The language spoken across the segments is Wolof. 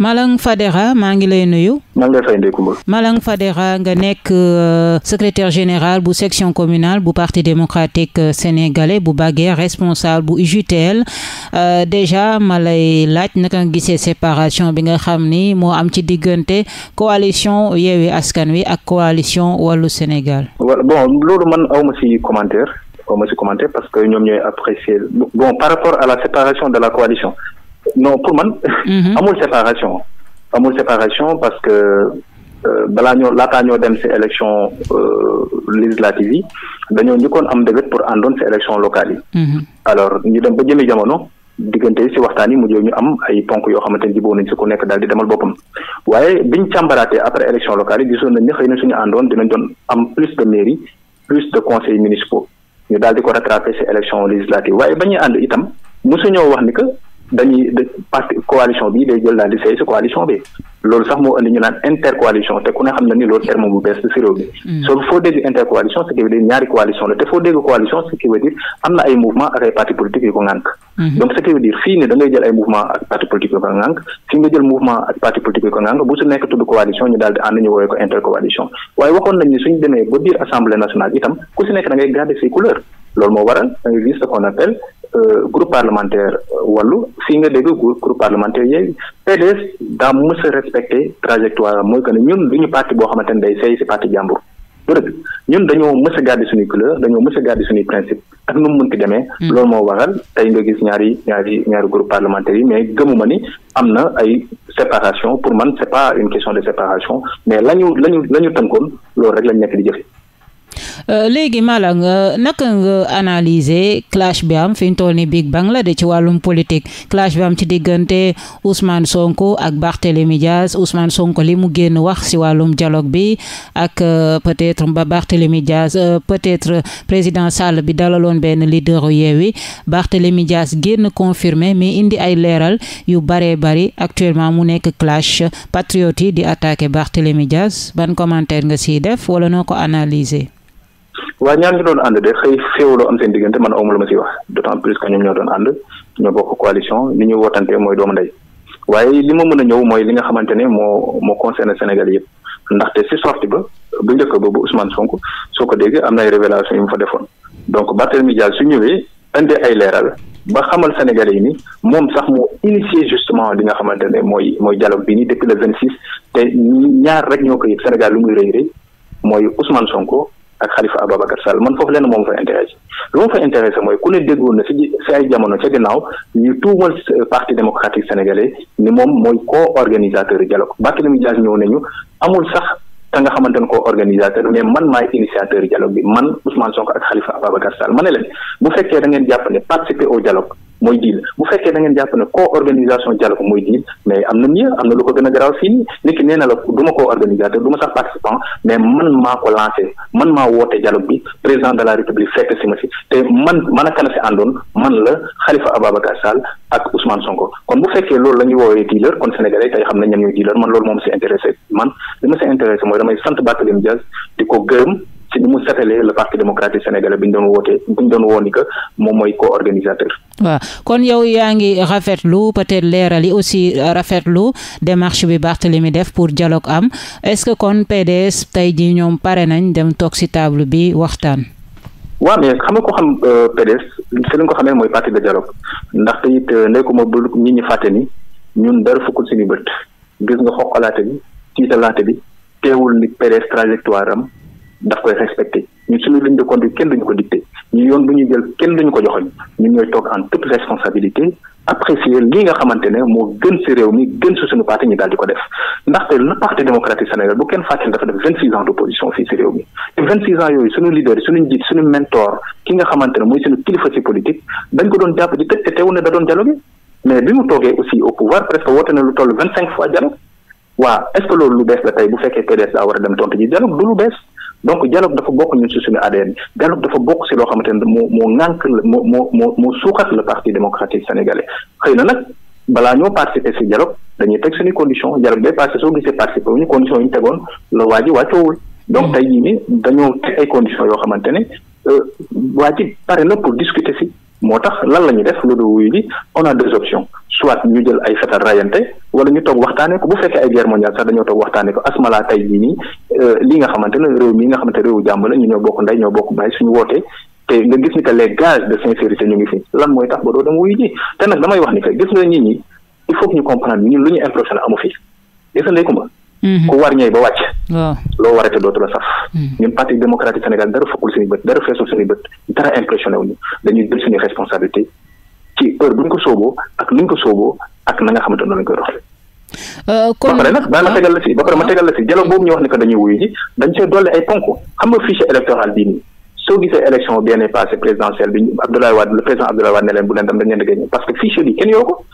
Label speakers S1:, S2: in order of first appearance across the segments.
S1: Malang Fadera maa ngi lay nuyu.
S2: maa ngi lay fay Ndeye Comba.
S1: Malang Fadera nga nekk euh, secrétaire général bu section communal bu parti démocratique euh, sénégalais bu Baguère responsable bu UJTL euh, déjà ma lay laaj naka nga gisee séparation bi nga xam ni moo am ci diggante coalition Yewwi Askan Wi ak coalition Wallu Sénégal.
S2: bon loolu man awma ci commentaire awma ci commentaire parce que ñoom ñooy apprécier bon par rapport à la séparation de la coalition. non pour man. Mhm. amul séparation. amul séparation parce que euh, balaa ñoo laataa ñoo dem si élection euh, législative yi dañoo njëkkoon am débét pour àndoon si élection locale yi. Mhm. alors ñu dem ba jëmi jamono. diggante yi si waxtaan yi mujjee ñu am ay ponk yoo xamante ni jiboo nañ si ku nekk daal di demal boppam waaye biñ càmbaraatee après élection locale yi gisoon nañ ne xëy na suñu àndoon dinañ doon am plus de mairie plus de conseils municipaux ñu daal di ko rattrapé si élection législative waaye ba ñuy ànd itam mosuñoo wax ni que dañuy parti coalition bi day jël daal di seey si coalition bi loolu sax moo indi ñu naan intercoalition te ku ne xam na ni loolu terme bu bees si réew mi. Hmm. soo foo intercoalition ce qui veut dire ñaari coalition la te foo dégg coalition ce qui veut dire am na ay mouvement ak ay parti politique yu ko ŋànk. Hmm. donc ce qui veut dire fii ni da ngay jël ay mouvement ak parti politique yu ko ŋànk fi nga jël mouvement ak parti politique yu ko ŋànk bu su loolu moo waral da nga gis ce qu'on appelle euh, groupe parlementaire wàllu fii nga dégg groupe parlementaire yooyu PDS daa mës a respecté trajectoire mooy que ne ñun du ñu parti boo xamante ne day seey si parti jàmbur du ñun dañoo mës a gàddi suñuy couleur dañoo mës a gàddi suñuy principe ak nu mu mënti demee hmm. loolu moo waral tey nga gis ñaari ñaari ñaari groupe parlementaire yi mais gëmuma ni am na ay séparation pour man c'est pas une question de séparation mais lañu lañu la ñu tënkoon loolu rek lañ nekk di jëfe
S1: Euh, léegi Malang naka nga analyser clash bi am fi ñu toll ni Big Bang la de ci wàllum politique clash bi am ci diggante Ousmane Sonko ak Barthélémy Diaz Ousmane Sonko li mu génn wax si wàllum dialogue bi ak euh, peut-être ba Barthélémy Diaz euh, peut-être président Sall bi dalaloon benn leader Yewwi Barthélémy Diaz génn confirmé mais indi ay leeral yu baree bari actuellement mu nekk clash patriote di attaqué Barthélémy Diaz ban commentaire nga siy def wala noo ko analyser
S2: waaye ñaar ñu doon ànd de xëy féewloo am seen diggante man awma lu ma si wax d'autant plus que ñoom ñoo doon ànd ñoo bokk coalition li ñu wootante mooy doomu ndey waaye li ma mën a ñëw mooy li nga xamante ne moo moo concerné Sénégal yëpp ndaxte si sorti ba bu njëkk ba bu Ousmane Sonko soo ko déggee am na ay révélation yu mu fa defoon donc Barthélemy Dias su ñëwee indi ay leeral ba xamal Sénégalais yi ni moom sax moo initié justement li nga xamante ne mooy mooy dialogue bi nii depuis le vingt six te ñaar rek ñoo Sénégal lu muy rëy rëy mooy Ousmane Sonko ak Khalifa Ababacar Sall man foofu lenn moom fa intéressé lu moom fa intéressé mooy ku ne déggoon na si si ay jamono ca ginnaaw ñu tuumal euh, parti démocratique sénégalais ni moom mooy co-organisateur dialogue Barthélémy Dias ñëw nañu amul sax te nga xamante ne ko organisateur mais man maay initiateur dialogue bi man Ousmane Sonko ak Khalifa Ababacar Sall ma ne leen bu fekkee da ngeen jàpp ne participer au dialogue mooy diil bu fekkee da ngeen jàpp ne co-organisation dialogue mooy diil mais am na mieux am na lu ko gën a garaaw fii nii nit ki na la du ma co-organisateur du ma sax participant mais man maa ko lancé man maa woote dialogue bi président de la république fekk si ma si te man man a kana si àndoon man la Khalifa Ababacar Sall ak Ousmane Sonko kon bu fekkee loolu la ñuy woowee dealer kon sénégalais tey xam nañ ñoom ñooy dealer man loolu moom si intéressé man li ma si intéressé mooy damay sant Barthélémy di ko gërëm si ni mu setalee le parti démocratique sénégalais bi ñu doon wootee bi ñu doon woo ni que moom mooy co-organisateur.
S1: waaw kon yow yaa ngi rafetlu peut-être leeral yi aussi euh, rafetlu démarche bi Barthélemy def pour dialogue am est-ce que kon PDS tey jii ñoom pare nañ dem toog si table bi waxtaan.
S2: waaw mais xam ko xam euh, PDS si li nga ko xamee mooy parti de dialogue ndaxte it euh, nekkuma bu nit ñi fàtte ni ñun dara fukkul suñu bët gis nga xoqalaate bi tiitalaate bi teewul ni PDS daf koy respecté ñun suñu ligne de conduite kenn duñu ko dicté ñu yoon bu ñu jël kenn duñu ko joxoñ ñu ñooy toog en toute responsabilité apprécier li nga xamante ne moo gën si réew mi gën si suñu parti ñu daal di ko def ndaxte le parti démocratique Sénégal bu kenn fàttali dafa def vingt six ans d' opposition fii si réew mi te vingt six ans yooyu suñu leader yi suñu njiit suñu mentor ki nga xamante ne mooy suñu kilifa si politique dañ ko doon jàpp di tëj te teewu mais bi mu toogee aussi au pouvoir presque woote lu toll vingt cinq fois dialogue waa est ce que loolu tey bu fekkee PDS war a dem tontu ji dialogue du lu bees donc dialogue dafa bokk si suñu ADN dialogue dafa bokk ci loo xamante ne moo moo ŋànk moo moo moo moo suuxat le parti démocratique sénégalais xëy na nag balaa ñoo participer ci dialogue dañuy teg suñu condition dialogue day passé soo gisee participer wu ñu condition yi ñu tegoon la waa ji wàccoowul donc mm. tey jii ni dañoo teg ay conditions yoo xamante ne euh, waa ji pare na pour discuter ci moo tax lan la ñuy def lu dul wuyu li on a deux options soit ñu jël ay fetal rayante wala ñu toog waxtaanee ko bu fekkee ay guerre mondiale sax waxtaanee ko asmala tey jii nii Euh, li nga xamante ne réew mi nga xamante réewu jàmm la ñu ñoo bokk nday ñoo bokk bàyyi suñu wootee te nga gis ni que les gages de sincérité ñu ngi fi lan mooy tax ba doo dem wuyu ji te nag damay wax ni que gis nga nit ñi il faut ñu comprendre ñun lu ñu impressionné amu fi gis nga ndeykumba mhm. ku war ñëw ba wàcc. waaw loo warate dootu la saf. Mhm. ñun parti démocratique Sénégal dara fokkul suñu bët dara feesul suñu bët dara impressionné dañuy jël suñu responsabilité Euh, kon ba pare nag daa ma tegal la si ba pare ma ah. tegal la si dialogue boobu ñu wax ne que dañuy wuyu ji dañ see dolli ay ponk xam nga fichier électoral nii soo gisee élection bien passé présidentielle bi Abdoulaye Wade président Abdoulaye Wade ne leen bu leen dem dañ leen parce que fichier bi kenn yoroo ko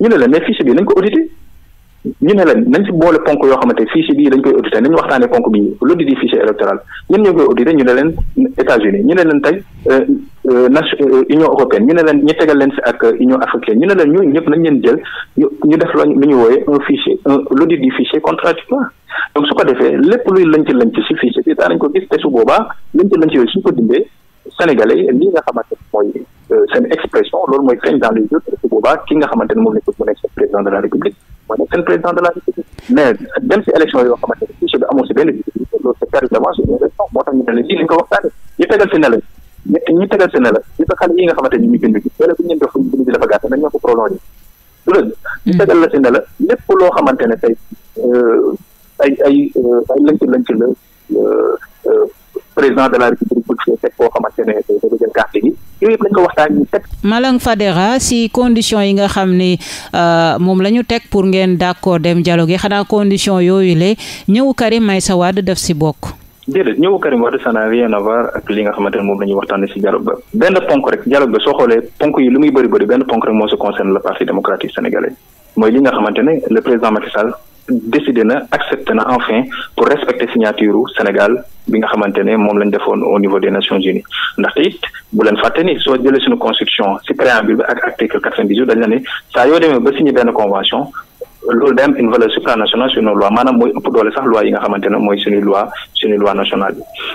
S2: ñu ne leen mais fichier bi nañ ko audité ñu ne leen nañ ci boole ponk yoo xamante fichier bii dañ koy auditer nañu waxtaanee ponk bii l'audit du fichier électoral ñun ñoo koy auditer ñu ne leen États-Unis ñu ne leen tey euh, euh, euh, Union européenne ñu ne leen ñu tegal leen si ak Union africaine ñu ne leen ñooñu ñëpp nañ leen jël ñu ñu def lañ lu ñu wooyee un fichier un l'audit du fichier contradictoire donc su ko defee lépp luy lënc lënc si fichier bi daanañ ko gis te su boobaa lënc lënc yooyu suñ ko dindee sénégalais li nga xamante mooy seen expression loolu mooy feeñ boobaa ki nga xamante ne moom lañ ko mu mooy nekk seen président de la république mais dem si élection yoo xamante ne fichier si benn visibilité loolu c'est de ñu ne la tegal si ne ñu tegal si ne ñu ko xale nga xamante ne ñu bind bi wala bu ñu leen def bind bi dafa gàtt nañ ñoo ko prolongé du la ñu tegal la si ne la loo xamante ne tey ay ay lënc lënc la président de la république bëgg see teg xamante ne yooyu yëpp ko waxtaan ñu teg.
S1: Malang Fadera si condition yi nga xam ni euh, moom la ñu teg pour ngeen d'accord dem dialogue gi xanaa condition yooyu la ñëw Karim Meïssa Wade def si bokk.
S2: déedéet ñëw Karim Wade ça n'a rien à voir ak li nga xamante ne moom la ñuy waxtaanee ci dialogue ba benn ponk rek dialogue ba soo xoolee ponk yi lu muy bëri bëri benn ponk rek moo se concerne le parti démocratique sénégalais mooy li nga xamante ne le président Macky Sall décidé na accepté na enfin pour respecter signature Sénégal bi nga xamante ne moom lañ defoon au niveau des Nations Unies ndaxte it bu leen fàtte ni soo jëlee suñu constitution ci préambule bi ak article quatre-vingt-dix-huit dañ ne saa yoo demee ba signé benn convention loolu day am une valeur supranationale sur nos lois maanaam mooy ëpp doole sax loi yi nga xamante ne mooy suñu loi suñu loi nationale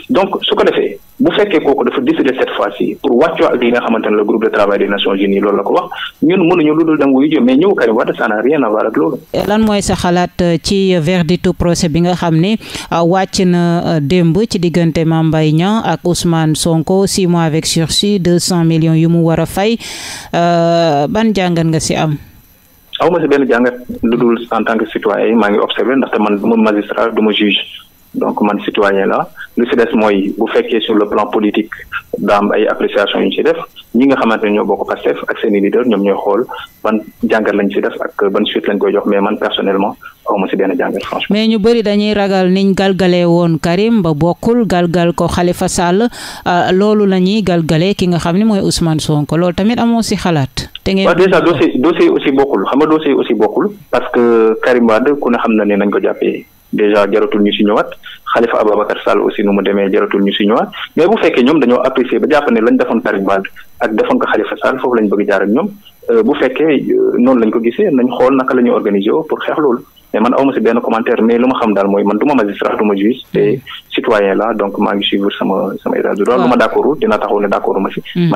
S2: donc su defee bu fekkee kooku dafa décider cette fois-ci pour wàccoo ak li nga xamante ne le groupe de travail des Nations Unies loolu la ko wax ñun mënuñu lu dul dem wuyu jëm mais ñëw Karim Wade ça n'a rien à loolu. lan
S1: mooy sa xalaat euh, ci verdictu procès bi nga xam ne euh, wàcc na euh, démb ci diggante Mame Mbaye Niang ak Ousmane Sonko six mois avec sursis deux cent millions yu mu war a fay ban jàngat nga ci am.
S2: aw ma si benn jàngat lu dul en tant que citoyen maa ngi observé ndaxte man ma du ma juge. donc man citoyen la lu si des mooy bu fekkee sur le plan politique daam ay appréciation yu ñu si def ñi nga xamante ne ñoo bokk Pastef ak seen i leader ñoom ñoo xool ban jàngat lañ si def ak ban suite lañ koy jox mais man personnellement xaw ma si benn jàngat franchement.
S1: mais ñu bëri dañuy ragal niñ galgalee woon Karim ba bokkul galgal ko Khalifa Sall euh, loolu la ñuy galee ki nga xam ne mooy Ousmane Sonko loolu tamit amoo si xalaat.
S2: te ngeen waaw déjà dossier dossier aussi bokkul xam nga dossier aussi bokkul parce que Karim Wade ku ne xam na ne nañ ko jàppee. déjà jaratul ñu si ñëwaat Khalifa Ababacar Sall aussi nu demee jaratul ñu si mais bu fekkee ñoom dañoo apprécier ba jàpp ne lañ defoon ak defoon ko Khalifa Sall foofu lañ bëgg jaar ñoom euh, bu fekkee euh, noonu lañ ko gisee nañ xool naka la organiser woo pour xeex loolu mais man awma si benn commentaire mais lu ma xam daal mooy man du ma magistrat du mm. citoyen la donc maa suivre sama sama état de lu ma d' dina taxaw mm.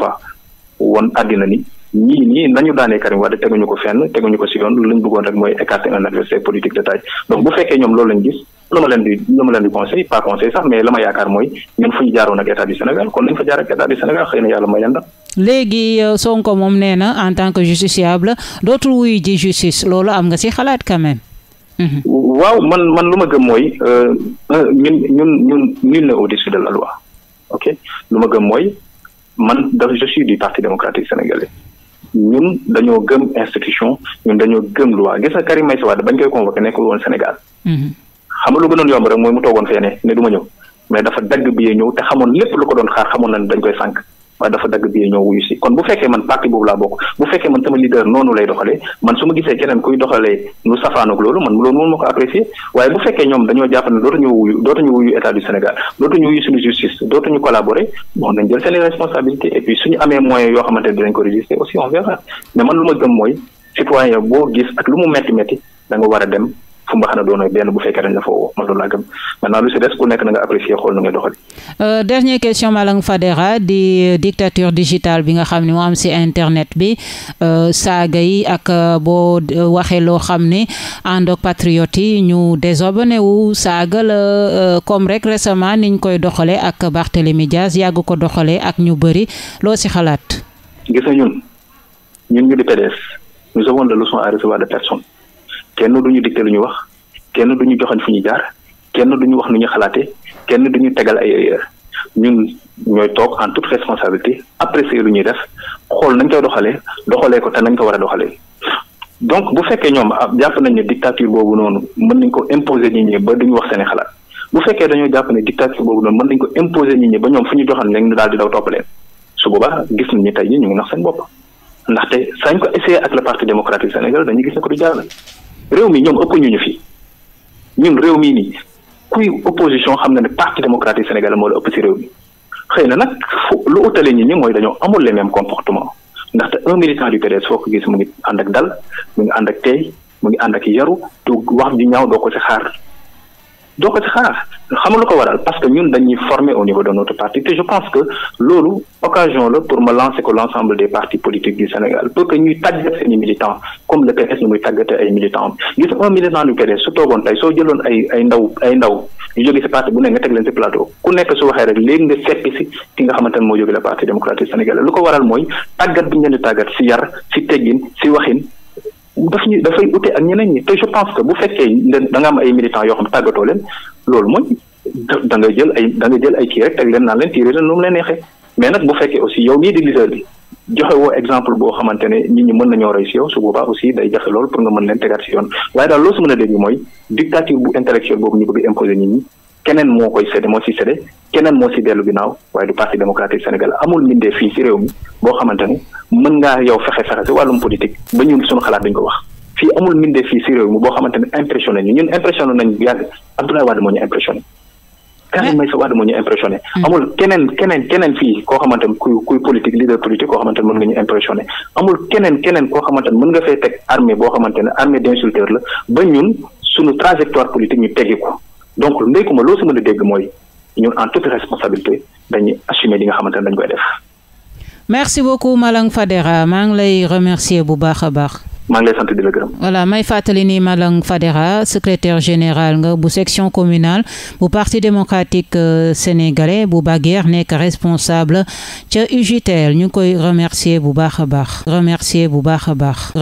S2: a won àddina ni ñii nii nañu daanee Karim Wade teguñu ko fenn teguñu ko si yoon lu rek mooy écarter un adversaire politique de taille donc bu fekkee ñoom loolu lañ gis lu ma leen di conseil pas conseil sax mais la ma yaakaar mooy ñun fu ñu jaaroon ak état du Sénégal kon nañ fa jaar ak état du Sénégal xëy na yàlla may leen
S1: léegi euh, Sonko moom nee en tant justiciable dootul wuy ji justice loolu am nga si xalaat quand
S2: mm-hmm. waaw man man lu euh, euh, la loi ok man daf je suis du parti démocratique sénégalais ñun dañoo gëm institution ñun dañoo gëm loi gis nga Karim Meïssa Wade bañ koy convoqué nekkul woon Sénégal. Mm-hmm. xam nga yomb rek mooy mu toogoon fee ne ne ñëw mais dafa dagg bi ñëw te xamoon lépp lu ko doon xaar xamoon dañ koy sànq. waaye dafa dagg biir ñoo wuyu si kon bu fekkee man parti boobu laa bokk bu fekkee man sama leader noonu lay doxalee man su ma gisee keneen kuy doxalee nu safaanook loolu man loolu mënu ma ko apprécier waaye bu fekkee ñoom dañoo jàpp ne dootuñu wuyu dootuñu wuyu état du Sénégal dootuñu wuyu suñu justice dootuñu collaborer bon dañ jël seen responsabilité et puis suñu amee moyens yoo xamante ne ko résister aussi on mais man lu ma gëm moo citoyen boo gis ak lu mu metti metti da nga war a dem fu mbaxana doon benn bu fekkee dañ la fa woo man loolu laa nekk na nga apprécier xool nu ngay doxali
S1: euh, dernière question Malang Fadera di dictature digitale bi nga xam ne moo am si internet bi euh, saaga yi ak euh, boo waxee loo xam ne ànd ak ñu désabonné wu saaga la comme rek récemment niñ koy doxalee ak Barthélémy Diaz yàgg ko doxalee ak ñu bëri loo si xalaat
S2: gis ñun ñun ñu di PDS nous avons la leçon à recevoir de personne kenn du ñu dicté lu ñu wax kenn du ñu joxoon fu ñu jaar kenn du ñu wax nu ñu xalaatee kenn du ñu tegal ay erreur ñun ñooy toog en toute responsabilité apprécier lu ñuy def xool nañ koy doxalee doxalee ko te nañ ko war a doxalee. donc bu fekkee ñoom ah, jàpp nañ ne dictature boobu noonu mën nañ ko imposer nit ñi ba duñu wax seen xalaat bu fekkee dañoo jàpp ne dictature boobu noonu mën nañ ko imposer ñi ñi ba ñoom fu ñu joxoon léegi ñu daal di daw topp leen su boobaa gis nañ ni ñu ngi nax seen bopp ndaxte sañ ko essayer ak le parti démocratique Sénégal dañuy gis ko du jàll. réew mi ñoom ëpp ñu ñu fi ñun réew mii nii kuy opposition xam na ne parti démocratique sénégalais moo la ëpp ci réew mi xëy na nag lu utale ñi ñi mooy dañoo amul les mêmes comportements ndaxte un militant du PDS foo ko gis mu ngi ànd ak dal mu ngi ànd ak tey mu ngi ànd ak yaru du wax ju ñaaw doo ko ci xaar doo ko ci xaar xamul ko waral parce que ñun dañuy former au niveau de notre parti te je pense que loolu occasion la pour ma lancer ko l'ensemble des partis politiques du Sénégal pour que ñuy tàggat seeni militants comme le PDS ni muy tàggate ay militants gis un militant du PDS su toogoon tey soo jëloon ay ay ndaw ay ndaw ñu jóge ci parti bu ne nga teg leen ci plateau ku nekk su waxee rek léegi nga seppi ci ki nga xamante ne moo jóge la parti démocratique sénégalais lu ko waral mooy tàggat bi ñu leen tàggat ci yar ci teggin ci waxin daf ñu dafay ute ak ñeneen ñi te je pense que bu fekkee da nga am ay militants yoo xam tàggatoo leen loolu mooy da nga jël ay da jël ay kii rek teg leen naan leen tiiree leen nu mu leen neexee mais nag bu fekkee aussi yow mii di leader joxe woo exemple boo xamante ne nit ñi mën nañoo rey si yow su boobaa aussi day jafe loolu pour nga mën leen tegaat si yoon waaye daal loo su mën a dégg mooy dictature bu intellectuel boobu ñu bëgg imposer nit ñi keneen moo koy sédde moo keneen moo si dellu ginnaaw waaye du parti démocratique sénégalais amul mbindee fii si réew mi mën ngaa yow fexe fexe si wàllum politique ba ñun suñu xalaat dañ ko wax fii amul mbindee fii si réew mi boo xamante ne impressionné ñu ñun impressionné nañu yàgg Abdoulaye Wade moo ñu impressionné Karim Meïssa Wade moo ñu impressionné hmm. amul keneen keneen fii koo xamante ne kuy kuy politique leader politique koo xamante ne mën nga ñu impressionné amul keneen keneen koo xamante ne mën nga fay teg armée boo xamante ne armée d'insulteur la ba ñun suñu trajectoire politique ñu teggi ko donc ndéykuma loo si mën a dégg mooy ñun en toute responsabilité dañuy assumer nga xamante ne dañ koy def
S1: merci beaucoup Malang Fadera maa ngi lay remercier bu baax a baax.
S2: maa ngi lay sant di la gërëm.
S1: voilà may fàttali ni Malang Fadera secrétaire général nga bu section communale bu parti démocratique euh, sénégalais bu Baguère nekk responsable ca UGTEL ñu ngi koy remercier bu baax a baax. remercier bu baax a baax.